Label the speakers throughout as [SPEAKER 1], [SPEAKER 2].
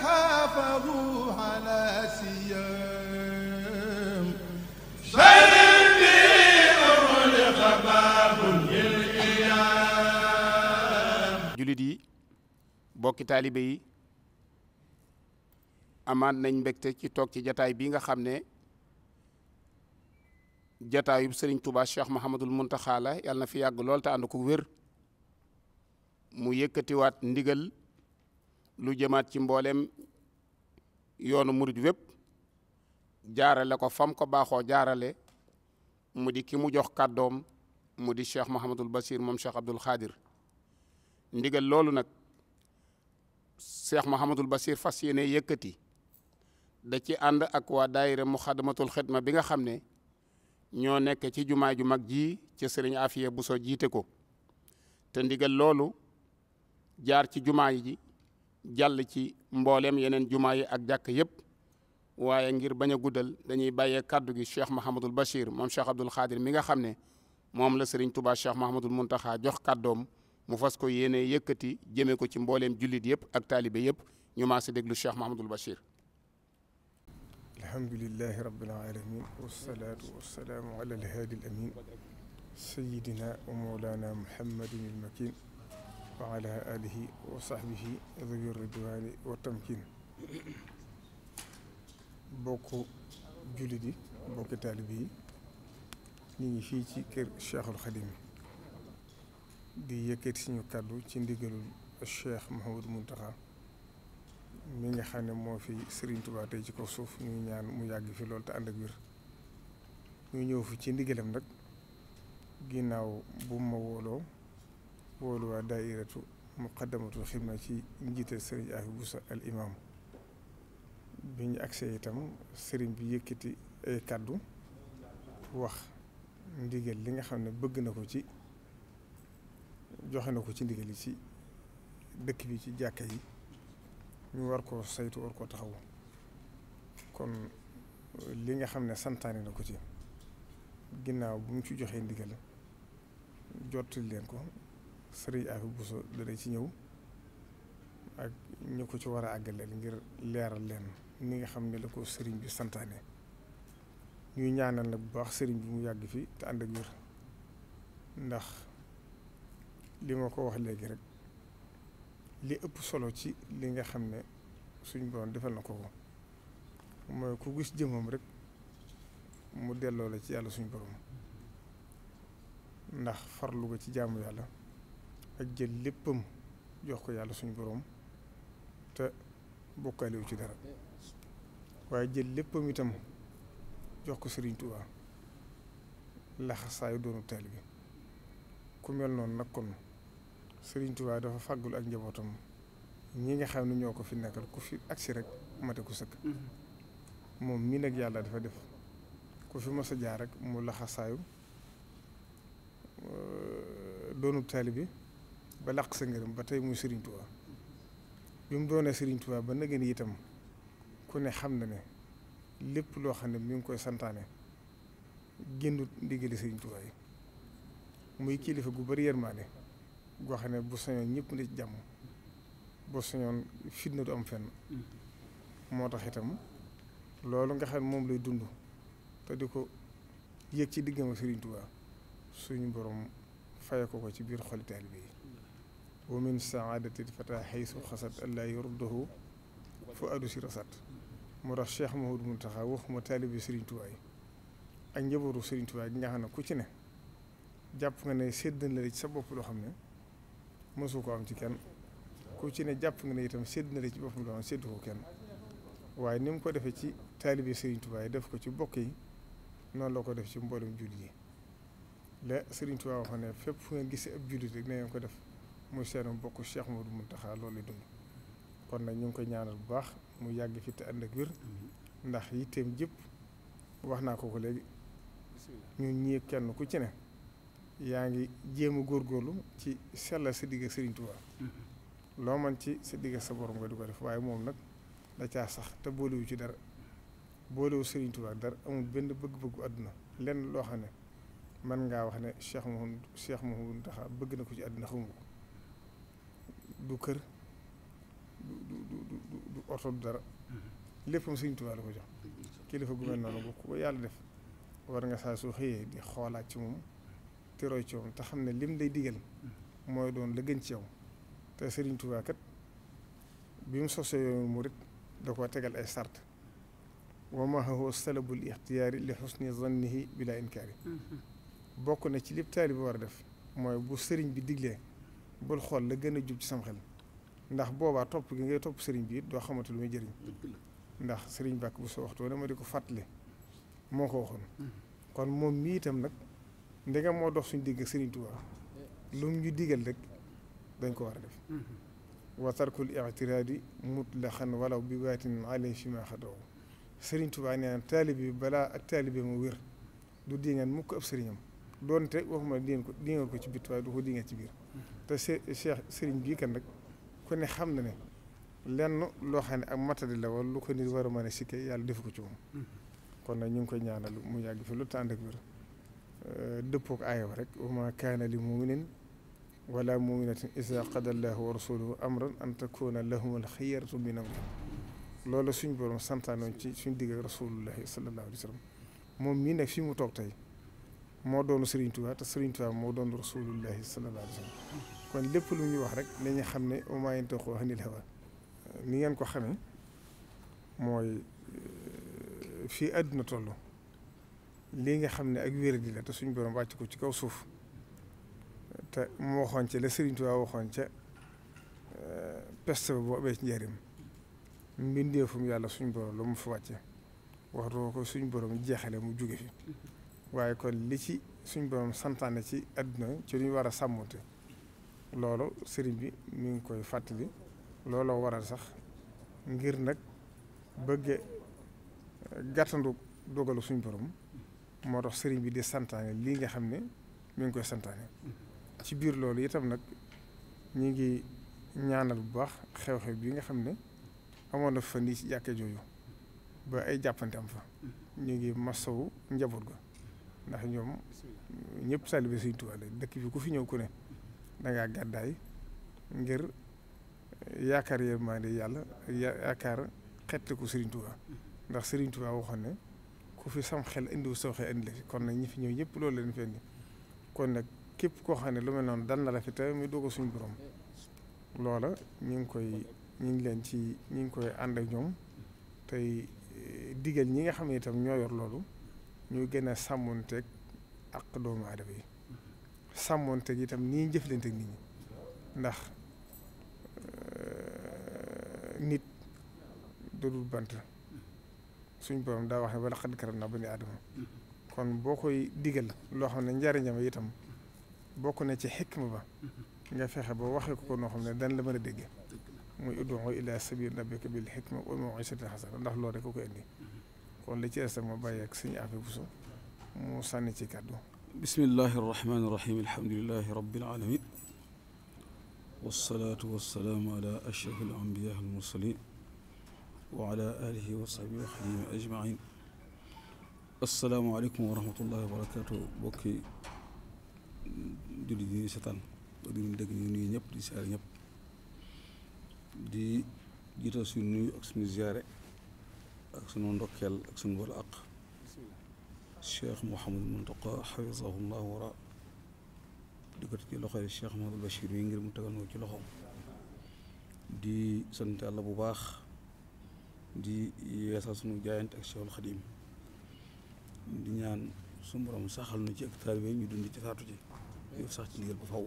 [SPEAKER 1] حافظوا
[SPEAKER 2] jullit yi bokki taalibe yi amaat nañ mbégte ci toog ci jataay bi nga xam ne jataayub Serigne Touba Cheikh Mouhamadul Mountakha la yàlla na fi yàgg lool te ànd ko wér mu yëkkatiwaat ndigal lu jëmaat ci mbooleem yoonu murit wépp jaarale ko fam ko baaxoo jaarale mu di ki mu jox kàddoom mu di cheikh Mouhamadul Bashir moom cheikh Abdul Xaadir ndigal loolu nag cheikh Mouhamadul Bashir fas yéene yëkkati da ci ànd ak waa daayira Muxadamatul Xidma bi nga xam ne ñoo nekk ci jumaa ju mag ji ci sëriñ bu soo jiite ko te ndigal loolu jaar ci jumaa ji jàll ci mbooleem yeneen jumaa yi ak jàkk yépp waaye ngir bañ dañuy bàyyee kàddu gi cheikh mahamadul bachir moom cheikh abdul xaadir mi nga xam ne moom la sëriñ tubaa cheikh mahamadul muntaxaa jox kàddoom mu fas ko yéene yëkkati jëme ko ci mbooleem jullit yëpp ak taalibe yëpp ñu maa si déglu cheikh mahamadul bachir
[SPEAKER 1] alhamdulilahi rabbil alamin wasalaatu wasalaamu ala alhaadi alamin sayidina wa mawlana muhammadin almakin wa ala alihi wa sahbihi zawi ridwaani wa tamkin bokk jullit yi bokki taalib yi ñu ngi fii ci kër Cheikhul Khadim di yëkkati suñu kàddu ci ndigalul Cheikh Mouhamadou Mountakha mi nga xam ne moo fi sëriñ Touba ci kaw suuf ñu ñaan mu yàgg fi loolu te ànd ak wér ñu ñëw fi ci ndigalam nag ginnaaw bu ma wooloo woolu waa daairatu muqaddamatul xidma ci njiital sëriñ Afi Busa al bi ñu agsee itam sëriñ bi yëkkati ay kàddu wax ndigal li nga xam ne bëgg na ko ci joxe na ko ci ndigal yi ci dëkk bi ci jàkka yi ñu war koo saytu war koo taxawu kon li nga xam ne santaane na ko ci ginnaaw bu mu ci joxee ndigal jottali leen ko sëriñ Afi Bousso dana ci ñëw ak ñu ko ci war a àggaleel ngir leeral leen ni nga xam ne la ko sëriñ bi santaane ñuy ñaanal nag bu baax sëriñ bi mu yàgg fii te ànd ak wér ndax li ma ko wax léegi rek li ëpp solo ci li nga xam ne suñ borom defal na ko mooy ku gis jëmmam rek mu delloo la ci yàlla suñ borom ndax farlu ga ci jaamu yàlla ak jël léppam jox ko yàlla suñu boroom te bokkaaliwu ci dara waaye jël léppam itam jox ko Sëriñ laxasaayu doonu taalibe bi ku mel noonu nag kon Sëriñ dafa fàggul ak njabootam ñi nga xam ne ñoo ko fi nekkal ku fi agsi rek mate ku sëkk mm-hmm. moom mii nag yàlla dafa def ku fi mës a jaar rek mu laxasaayu euh, doonu taalibe bi ba laq sa ngërëm ba tey muy Serigne Touba bi mu doonee Serigne Touba ba nageen itam ku ne xam na ne lépp loo xam ne mi ngi koy santaane génnut ndigali Serigne Touba muy kilifa gu bari yërmaane goo xam ne bu sañoon ñëpp ne ci jàmm bu sañoon fitna du am fenn moo tax itam loolu nga xam ne moom lay dund te di ko yëg ci diggam ak Serigne suñu borom faye ko ko ci biir xoli taalibe wa min saadati fata xaysu xasat yor yurduhu fu addu si rasat moo tax Cheikh ma Mountakha mu taalibi Serigne Touba yi ak njabootu Serigne Touba gi nga xam ne ku ci ne jàpp nga ne séddal la ci bopp loo xam ne mësu ko am ci kenn ku ci jàpp nga ne itam sédd na la ci boppam loo xam ko kenn waaye ni mu ko defee ci taalibi Serigne Touba def ko ci bokk yi noonu la ko def ci mboolem jullit yi la Serigne Touba waxoon ne fépp fu ngeen gisee ab jullit rek na ngeen ko def. muy seenum bokk Cheikh Modou Mountakha loolu lay dund kon nag ñu ngi koy ñaanal bu baax mu yàgg fi te ànd ak wér ndax yitteem jëpp wax naa ko ko léegi ñun ñii kenn ku ci ne yaa ngi jéem a góorlu ci sellal sa digg ak Serigne mm-hmm. loo man ci sa digg sa borom nga di ko def waaye moom nag da caa sax te boolewu ci dara boolewu Serigne Touba dara amul benn bëgg-bëggu àdduna lenn loo xam ne mën ngaa wax ne Cheikh Mouhoun Cheikh Mouhoun taxaa bëgg na ko ci àdduna xamu du kër du du du du oto du dara mm-hmm. léppam Sëriñ la ko jox kilifa gouverneur la ko yàlla def war nga saa soo xëyee di xoolaat ci moom te ci moom te xam ne lim lay digal mm-hmm. mooy doon la gën ci yow te Sëriñ Tuubaa kat bi mu sosee yoonu murit da koo tegal ay sart wa ma huwa salabul ixtiyaari li xusni zannihi bila inkaari mm-hmm. bokk na ci lépp taaliba war a def mooy bu sëriñ bi diglee bul xool la gën a jub ci sam xel ndax boobaa topp gi ngay topp sëriñ bi doo xamante lu muy jëriñ ndax sëriñ bàkk bu soo waxtu dama di ko fàttali mm-hmm. moo ko waxoon mm-hmm. moom mii itam nag ndegam moo dox suñ digg sëriñ Tuubaa lu mu ñu digal rek dañ ko war a def mm-hmm. wa tarkul ictiraadi mutlaqan walaw bi waatin alay fi ma xadaw sëriñ Tuubaa nee na taalibe bi balaa ak taalibe mu wér du dingeen mukk ab sëriñam doonte waxuma dingeen ko dingeen ko ci bit waaye du ko dingeen ci biir te Cheikh Serigne bii kan nag ku ne xam na ne lenn loo xam ne ak matadi la wala lu ko nit war a mën a sikke yàlla def ko ci moom. Mm-hmm. kon nag ñu ngi koy ñaanal mu yàgg fi lu tànd ak wér euh, dëppoo ak rek wa maa kaana li muminin wala muminatin isa qadallahu wa rasuluhu amran an takuna lahumul xiyaratu min amri loolu suñ borom santaanoon ci suñ digg ak rasulullahi sallallahu alayhi wa sallam moom mii nekk fi mu toog tey. moo doon Serigne Touba te Serigne moo doon rasulullahi sallallahu alayhi wa sallam kon lépp lu ñuy wax rek nañu xam ne wa maa yantiqu anil hawa ni ngeen ko xamee mooy euh, fii àdduna toll lii nga xam ne ak wér di la te suñu boroom wàcc ko ci kaw suuf te mu waxoon ca la Serigne Touba ca euh, peste ba boo amee ci njëriñ mbindeefum yàlla suñ borom la mu fa wàcce wax doo ko suñu borom jeexale mu jóge fi. waaye kon li ci suñ borom santaane ci àdduna ci lu ñu war a sàmmote loolu sëriñ bi mu ngi koy fàttali looloo waral sax ngir nag bëgge eh, gàttandu dogalu suñ boroom moo tax sëriñ bi di santaane lii nga xam ne mi ngi koy santaane ci biir loolu itam nag ñu ngi ñaanal bu baax xew-xew bi nga xam ne amoon na fa nii ci jàkke jooju ba ay jàppante am fa ñu ngi masawu njaboot ga ndax ñoom ñëpp taalibe Sëriñ Tuubaa dëkk bi ku fi ñëw ku ne dangaa gàddaay ngir yaakaar yërmande yàlla yaakaar xettiku Sëriñ Tuubaa ndax Sëriñ Tuubaa waxoon ne ku fi sam xel indiwu soo indi la fi kon nag ñi fi ñëw ñëpp loolu leen fi indi kon nag képp koo xam ne lu mel noonu dal na la fi te muy doog a suñu borom loola ñu ngi koy ñu ngi leen ci ñu ngi koy ànd ak ñoom tey eh, digal ñi nga xam ne itam ñoo yor loolu ñu gën a teg ak doomu aadama yi sàmmonteeg itam nii jëflanteeg nit ndax euh, nit dodul bant suñ borom daa wax ne wala xad karam na ba ni aadama kon boo koy digal loo xam ne njariñam itam bokk na ci xikma ba nga fexe boo waxee ko ko noo xam ne dan la mën a dégg muy ud'u ila sabil rabbika bil hikma wal maw'izatil hasana ndax loo rek ko ko indi kon li ci des ma bàyyi ak suñu affaire bu so mu sànni ci kàddu
[SPEAKER 3] bismillahi arrahmani irrahim alhamdulilahi rabbil alamin wasalaatu wasalaamu ala ashraf alambiya almursalin wa ala alihi wa sahbi wa xadimi ajmain asalaamaaleykum wa rahmatullahi wa barakatuh bokki julli di setaan ba di dégg ñu nuyu ñëpp di siyaare ñëpp di jiital suñu nuyu ak suñu ziyaare ak sunu ndokkeel ak sunu wala aq cheikh Mouhamadou Mountakha xafisahullah wara di ko ci loxo yi cheikh Mouhamadou Bachir yi ngir mu tegal ci loxoom di sant yàlla bu baax di yeesal sunu jaayante ak cheikhul xadim di ñaan sunu saxal na ci ak taalibe ñu dund ci saatu ci yëf sax ci ndigal ba faw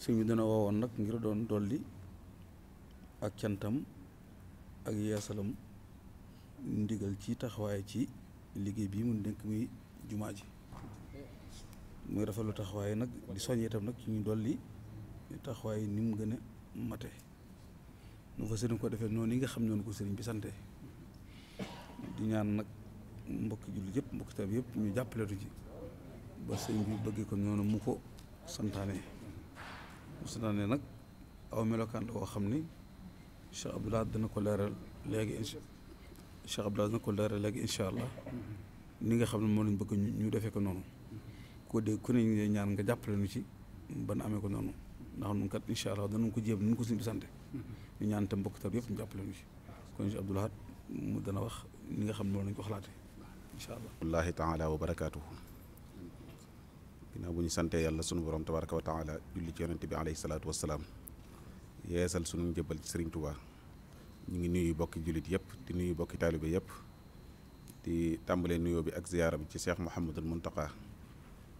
[SPEAKER 3] sëñ bi dana nag ngir doon dolli ak cantam ak yeesalam ndigal ci taxawaay ci liggéey bii mu dénk muy jumaa ji muy lu taxawaay nag di soññee itam nag ci ñu dolli taxawaay ni mu gën a mate nu fa sëriñ ko defee noonu yi nga xam ñoonu ko sëriñ bi sante di ñaan nag mbokki jullit yëpp mbokki taalibe yëpp ñu jàppaleetu ci ba sëriñ bi bëggee ko noonu mu ko santaane mu santaane nag aw melokaan la woo xam ni Cheikh Abdoulaye dana ko leeral léegi Cheikh Abdoulaye na ko leeral léegi incha allah ni nga xam ne moom lañ bëgg ñu defee ko noonu koo dégg ku ne ñaan nga jàppale nu ci ban amee ko noonu ndax nun kat incha allah danañ ko jéem nañ ko suñu bisante ñu ñaan itam mbokk taw yëpp ñu jàppale nu ci kon Cheikh Abdoulaye mu dana wax ni nga xam ne moom lañ ko xalaatee incha allah. wallaahi taala wa barakaatuhu ginnaaw
[SPEAKER 4] bu ñu santee yàlla sunu borom tabaraka wa taala julli ci yonente bi alayhi salaatu wa salaam yeesal sunu njëbbal ci Serigne Touba. ñu ngi nuyu bokki jullit yëpp di nuyu bokki taalibe yëpp di tàmbalee nuyoo bi ak ziyaara bi ci cheikh Mouhamadul Mountakha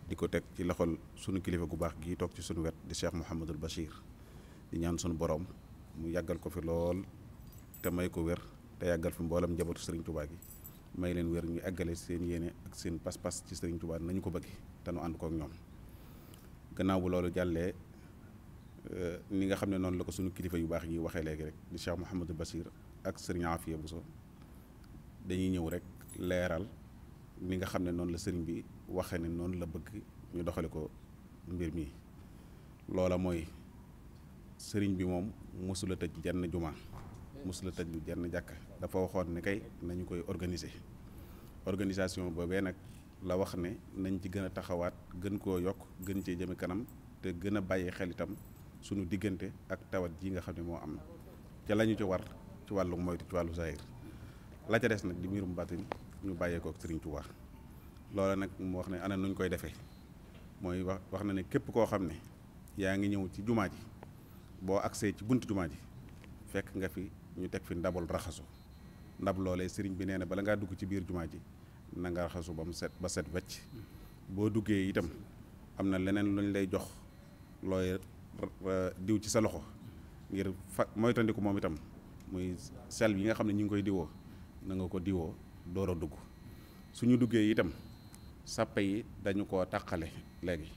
[SPEAKER 4] di ko teg ci loxol sunu kilifa gu baax gii toog ci sunu wet di cheikh Mouhamadul Bachir di ñaan sunu boroom mu yàggal ko fi lool te may ko wér te yàggal fi mboolam njabootu sëriñ Touba gi may leen wér ñu àggale seen yéene ak seen pas-pas ci sëriñ Touba nañu ko bëgg te nu ànd ko ak ñoom gannaaw bu loolu jàllee. Euh, ni nga xam ne noonu la ko suñu kilifa yu baax yi waxee léegi rek di Cheikh Mouhamadou Bassir ak sëriñ Afia Bousso dañuy ñëw rek leeral ni nga xam ne noonu la sëriñ bi waxee ne noonu la bëgg ñu doxale ko mbir mi loola mooy sëriñ bi moom mosula tëj jenn jumaa mosula tëj lu jenn jàkk dafa waxoon ne kay nañu koy organise organisation boobee nag la wax ne nañ ci gën a taxawaat gën koo yokk gën cee jëme kanam te gën a bàyyi xel itam sunu diggante ak tawat ji nga xam ne moo am ca lañu ñu war ci wàllu moytu ci wàllu zahir la ca des nag di mbirum batin ñu bàyyeekoo ak Sëriñ Tuubaa loola nag mu wax ne ana nuñ koy defee mooy wax wax na ne képp koo xam ne yaa ngi ñëw ci jumaa ji boo agsee ci buntu jumaa ji fekk nga fi ñu teg fi ndabul raxasu ndab loolee sëriñ bi nee na bala ngaa dugg ci biir jumaa ji nanga nga raxasu ba mu set ba set wecc boo duggee itam am na leneen luñ lay jox looy diw ci sa loxo ngir fa moytandiku moom itam muy sel yi nga xam ne ñu ngi koy diwoo nanga ko diwoo door a dugg suñu duggee itam sàppe yi dañu ko tàqale léegi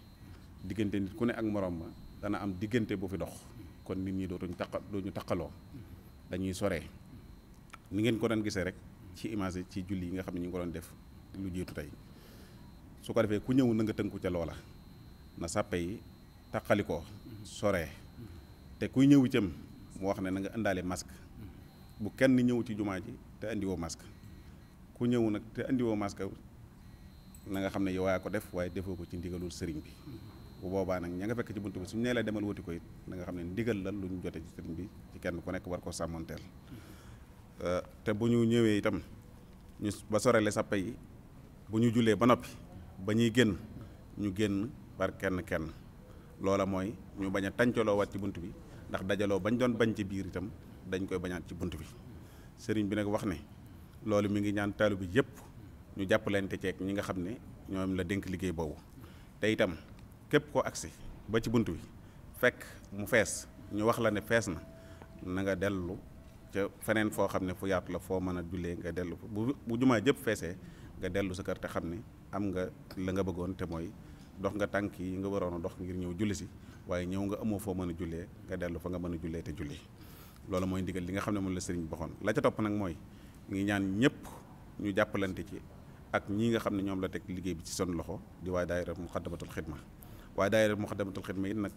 [SPEAKER 4] diggante nit ku ne ak moroom ma dana am diggante bu fi dox kon nit ñi dootuñu taq duñu taqaloo dañuy soree ni ngeen ko doon gisee rek ci image ci julli yi nga xam ne ñu ngi ko doon def lu jiitu tey su ko defee ku ñëw nanga nga tënku ca loola na sàppe yi taqali ko sore te kuy ñëw itam mu wax ne na nga indaale masque bu kenn ñëw ci jumaa ji te indiwoo masque ku ñëw nag te indiwoo masque na nga xam ne yow yaa ko def waaye defoo ko ci ndigalul sëriñ bi bu boobaa nag ña nga fekk ci bunt bi suñu nee la demal woti ko it na nga xam ne ndigal la lu ñu jotee ci sëriñ bi ci kenn ku nekk war koo sàmmoonteel euh, te bu ñu ñëwee itam ñu ba sorele sàppe yi bu ñu jullee ba noppi ba ñuy génn ñu génn par kenn kenn loola mooy ñu bañ a tàncaloo waat ci bunt bi ndax dajaloo bañ doon bañ ci biir itam dañ koy bañaat ci bunt bi sëriñ bi nag wax ne loolu mi ngi ñaan taalu bi yëpp ñu jàppalante ceeg ñi nga xam ne ñoom la dénk liggéey boobu te itam képp ko agsi ba ci bunt bi fekk mu fees ñu wax la ne fees na na nga dellu ca feneen foo xam ne fu yaatu la foo mën a jullee nga dellu bu bu jumaa jëpp feesee nga dellu sa kër te xam ne am nga la nga bëggoon te mooy dox nga tànk yi nga waroon a dox ngir ñëw julli si waaye ñëw nga amoo foo mën a jullee nga dellu fa nga mën a jullee te julli loolu mooy ndigal li nga xam ne moom la sëriñ bi la ca topp nag mooy ngi ñaan ñëpp ñu jàppalante ci ak ñi nga xam ne ñoom la teg liggéey bi ci seen loxo di waa daayira muxaddamatul xidma waaye daayira muxaddamatul xidma it nag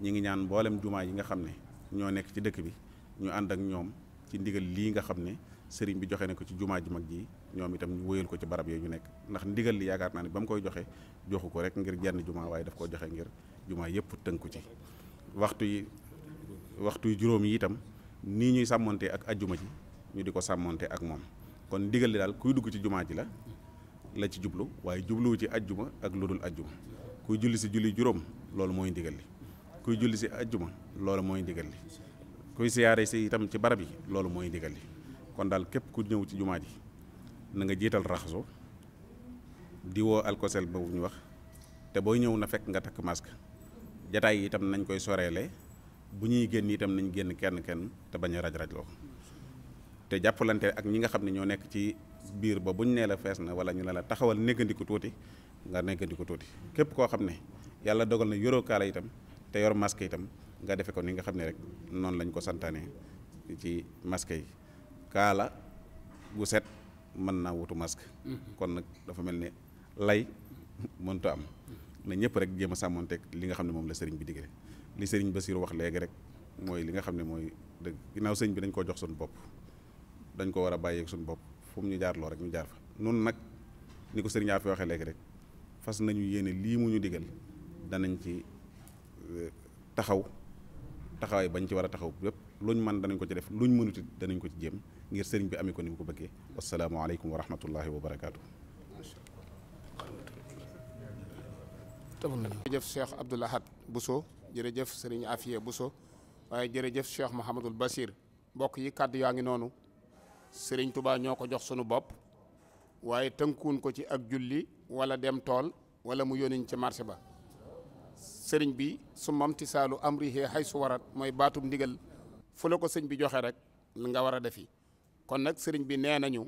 [SPEAKER 4] ñi ngi ñaan mboolem jumaa yi nga xam ne ñoo nekk ci dëkk bi ñu ànd ak ñoom ci ndigal lii nga xam ne sëriñ bi joxe na ko ci jumaa ji mag ji ñoom itam ñu wëyal ko ci barab yooyu ñu nekk ndax ndigal li yaakaar naa ne ba mu koy joxe joxu ko rek ngir jenn jumaa waaye daf koo joxe ngir jumaa yëpp tënku ci waxtu yi waxtu juróom yi itam nii ñuy sàmmonte ak ajjuma ji ñu di ko sàmmonte ak moom kon ndigal li daal kuy dugg ci jumaa ji la la ci jublu waaye jubluwu ci ajjuma ak lu dul ajjuma kuy julli si julli juróom loolu mooy ndigal li kuy julli si ajjuma loolu mooy ndigal li kuy siyaare si itam ci barab yi loolu mooy ndigal li kon daal képp ku ñëw ci jumaa ji na nga jiital raxasu di woo alkosel boobu ñu wax te booy ñëw na fekk nga takk masque jataay yi itam nañ koy soreele bu ñuy génn itam nañ génn kenn kenn te bañ a raj raj loo te jàppalante ak ñi nga xam ne ñoo nekk ci biir ba bu ñu nee la fees na wala ñu ne la taxawal néggandiku tuuti nga néggandiku tuuti képp koo xam ne yàlla dogal na yoroo kaala itam te yor masque itam nga defe ko ni nga xam ne rek noonu lañ ko santaane ci masque yi kaala gu set mën naa wutu masque mhm. kon nag dafa mel ni lay mënta am na ñëpp rek jéem a sàmmonteeg li nga xam ne moom la sëriñ bi digle li sëriñ Basiru wax léegi rek mooy li nga xam ne mooy dëgg ginnaaw sëriñ bi dañ koo jox suñu bopp dañ ko war a bàyyeeg suñu bopp fu mu ñu jaarloo rek ñu jaar fa nun nag ni ko sëriñ Afi waxee léegi rek fas nañu yéene lii mu ñu digal danañ ci euh, taxaw taxawaay bañ ci war a taxaw yëpp luñ mën danañ ko ci def luñ mënut it danañ ko ci jéem ngir sëriñ bi amee ko ni mu ko bëggee wasalaamualeykum wa rahmatullahi wa barakaatu.
[SPEAKER 2] jërëjëf Cheikh Abdoul Ahad Bousso jërëjëf sëriñ Afiye buso waaye jërëjëf Cheikh Mouhamadul Basir mbokk yi kàddu yaa ngi noonu sëriñ Touba ñoo ko jox sunu bopp waaye tënkuun ko ci ak julli wala dem tool wala mu yónniñ ci marché ba sëriñ bi su mam tisaalu amrihi hay su warat mooy baatum ndigal fu la ko sëñ bi joxe rek nga war a defi kon nag sëriñ bi nee nañu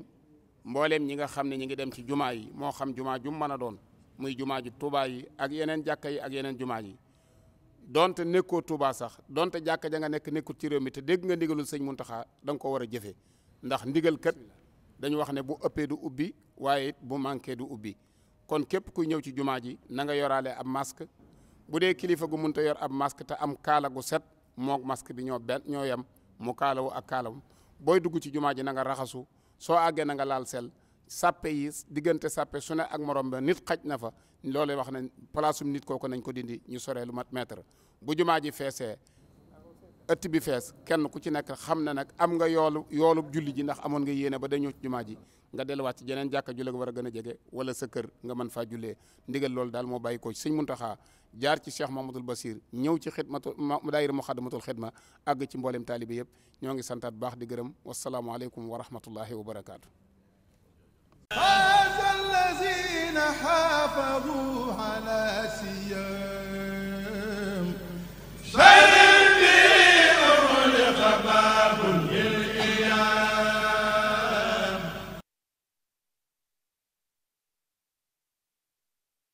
[SPEAKER 2] mbooleem ñi nga xam ne ñi ngi dem ci jumaa yi moo xam jumaa jum mën a doon muy jumaa ju Tuubaa yi ak yeneen jàkka yi ak yeneen jumaa yi donte nekkoo Tuubaa sax donte jàkka ja nga nekk nekkut ci réew mi te dégg nga ndigalul sëñ Muntaxa da nga ko war a jëfe ndax ndigal kat dañu wax ne bu ëppee du ubbi waaye bu manqué du ubbi kon képp ku ñëw ci jumaa ji na nga yoraale ab masque bu dee kilifa gu munta yor ab masque te am kaala gu set moog masque bi ñoo benn ñoo yem mu kaalawu ak kaalawum booy dugg ci jumaa ji na raxasu soo àggee nanga laal sel sàppe yi diggante sàppe su ne ak morom ba nit xaj na fa loolu wax nañ palaasum nit kooku nañ ko dindi ñu soreelu mat mètre bu jumaa ji feesee ëtt bi fees kenn ku ci nekk xam ne nag am nga yoolu yoolub julli ji ndax amoon nga yéene ba dañoo jumaa ji nga delluwaat ci jeneen jàkka ju la war a gën a jege wala sa kër nga man faa jullee ndigal loolu daal moo bàyyi ko ci sëñ Muntaxa jaar ci Cheikh Mahmadul Basir ñëw ci xidmatul daayira Muxaddamatul Xidma àgg ci mboolem taalibe yëpp ñoo ngi santaat baax di gërëm wasalaamualeykum wa rahmatullahi wa barakaatu.
[SPEAKER 1] هذا الذين حافظوا على سياق